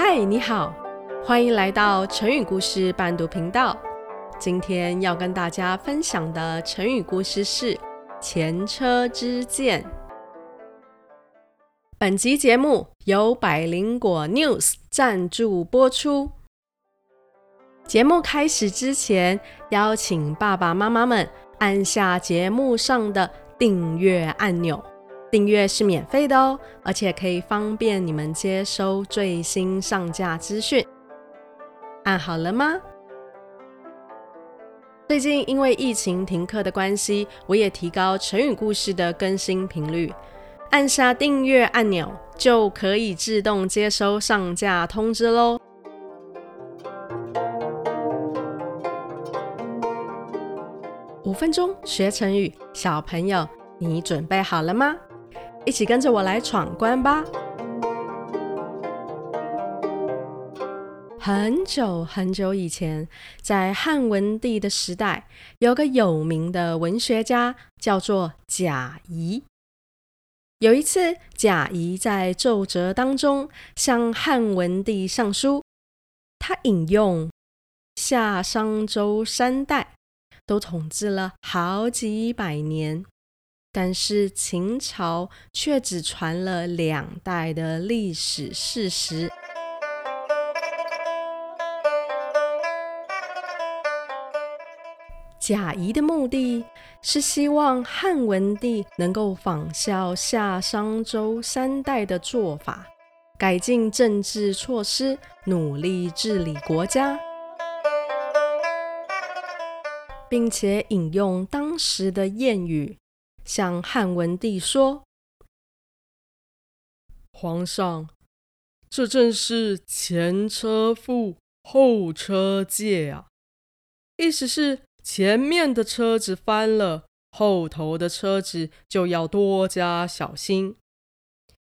嗨，你好，歡迎來到成語故事伴讀頻道。今天要跟大家分享的成語故事是前車之鑑。本集節目由百靈果 News 贊助播出。節目開始之前，邀請爸爸媽媽們按下節目上的訂閱按鈕。訂閱是免費的哦，而且可以方便你們接收最新上架資訊。按好了嗎？最近因為疫情停課的關係，我也提高成語故事的更新頻率。按下訂閱按鈕就可以自動接收上架通知嘍。五分鐘學成語，小朋友，你準備好了嗎？一起跟着我來闖關吧！很久很久以前，在漢文帝的時代，有個有名的文學家叫做賈誼。有一次，賈誼在奏摺當中向漢文帝上書，他引用夏、商、周三代都統治了好幾百年。但是秦朝卻只傳了兩代的歷史事實。賈誼的目的是希望漢文帝能夠仿效夏商周三代的做法，改進政治措施，努力治理國家，並且引用當時的諺語，向漢文帝說：“皇上，這正是前車覆後車戒啊！意思是前面的車子翻了，後頭的車子就要多加小心，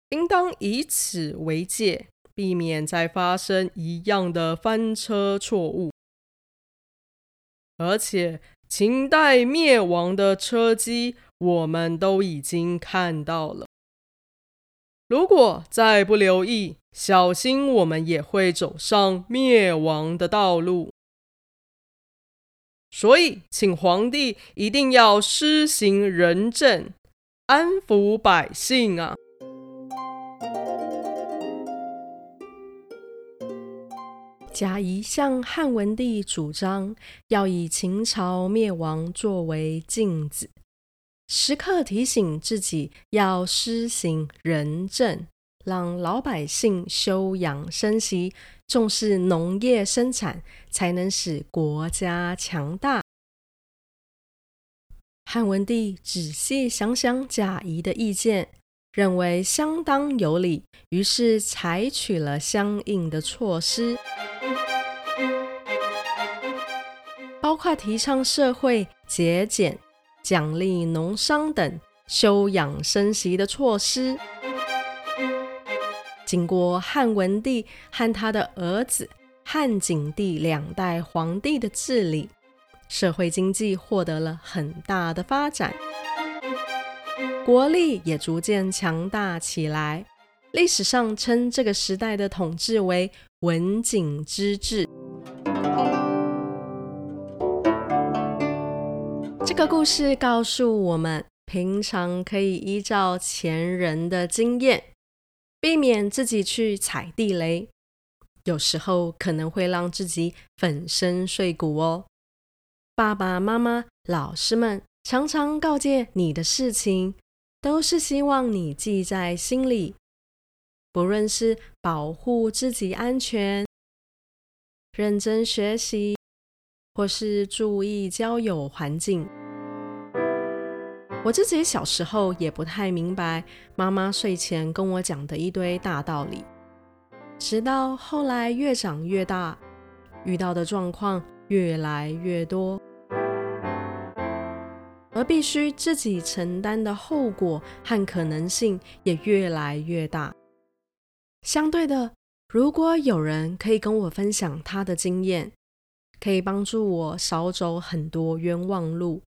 應當以此為戒，避免再發生一樣的翻車錯誤。而且。”秦代滅亡的車轍我們都已經看到了。如果再不留意，小心我們也會走上滅亡的道路。所以，請皇帝一定要施行仁政，安撫百姓啊！賈誼向漢文帝主張，要以秦朝滅亡作為鏡子，時刻提醒自己要施行仁政，讓老百姓休養生息，重視農業生產，才能使國家強大。漢文帝仔細想想賈誼的意見。認為相當有理，於是採取了相應的措施，包括提倡社會節儉、獎勵農商等休養生息的措施。經過漢文帝和他的兒子漢景帝兩代皇帝的治理，社會經濟獲得了很大的發展。國力也逐漸強大起來。歷史上稱這個時代的統治為“文景之治”。這個故事告訴我們，平常可以依照前人的經驗，避免自己去踩地雷，有時候可能會讓自己粉身碎骨哦。爸爸媽媽、老師們常常告誡你的事情，都是希望你記在心裡，不論是保護自己安全、認真學習，或是注意交友環境。我自己小時候也不太明白媽媽睡前跟我講的一堆大道理，直到後來越長越大，遇到的狀況越來越多。而必須自己承擔的後果和可能性也越來越大。相對的，如果有人可以跟我分享他的經驗，可以幫助我少走很多冤枉路。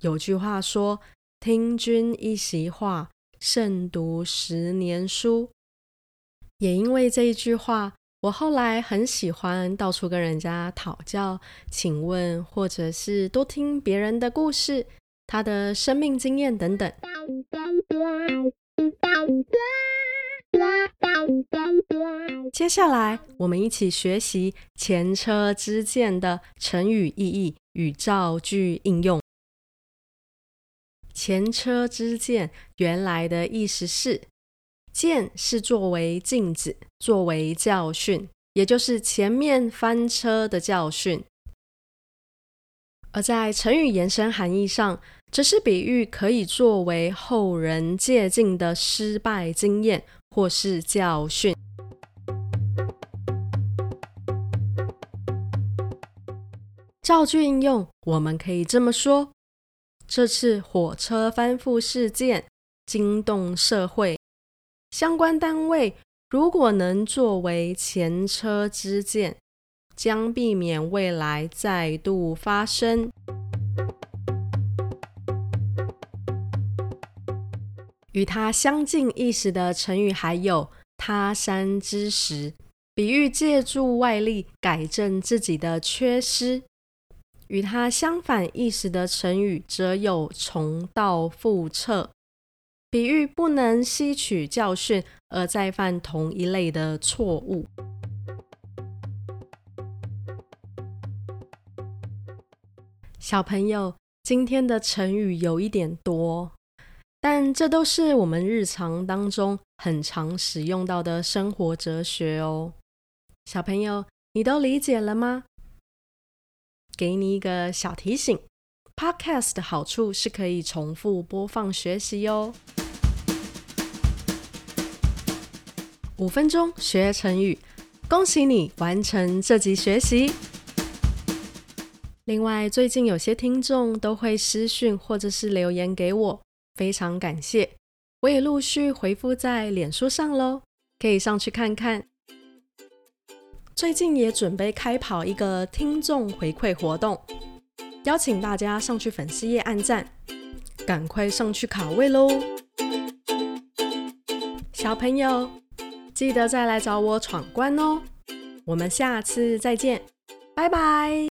有句話說：“聽君一席話，勝讀十年書。”也因為這一句話。我後來很喜歡到處跟人家討教、請問，或者是多聽別人的故事、他的生命經驗等等。嗯嗯嗯嗯嗯嗯嗯嗯、接下來，我們一起學習“前車之鑑”的成語意義與造句應用。“前車之鑑”原來的意思是。鑑是作為鏡子，作為教訓，也就是前面翻車的教訓；而在成語延伸含義上，這是比喻可以作為後人借鑑的失敗經驗或是教訓。造句應用，我們可以這麼說：這次火車翻覆事件驚動社會。相關單位如果能作為前車之鑑，將避免未來再度發生。與它相近意思的成語還有“他山之石”，比喻借助外力改正自己的缺失；與它相反意思的成語則有“重蹈覆轍”。比喻不能吸取教訓而再犯同一類的錯誤。小朋友，今天的成語有一點多，但這都是我們日常當中很常使用到的生活哲學哦。小朋友，你都理解了嗎？給你一個小提醒：Podcast 的好處是可以重複播放學習哦。五分鐘學成語，恭喜你完成這集學習。另外，最近有些聽眾都會私訊或者是留言給我，非常感謝，我也陸續回復在臉書上嘍，可以上去看看。最近也準備開跑一個聽眾回饋活動，邀請大家上去粉絲頁按讚，趕快上去卡位嘍，小朋友。記得再來找我闖關哦！我們下次再見，拜拜。